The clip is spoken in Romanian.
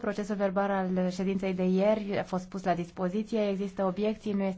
Procesul verbal al ședinței de ieri a fost pus la dispoziție. Există obiecții? Nu este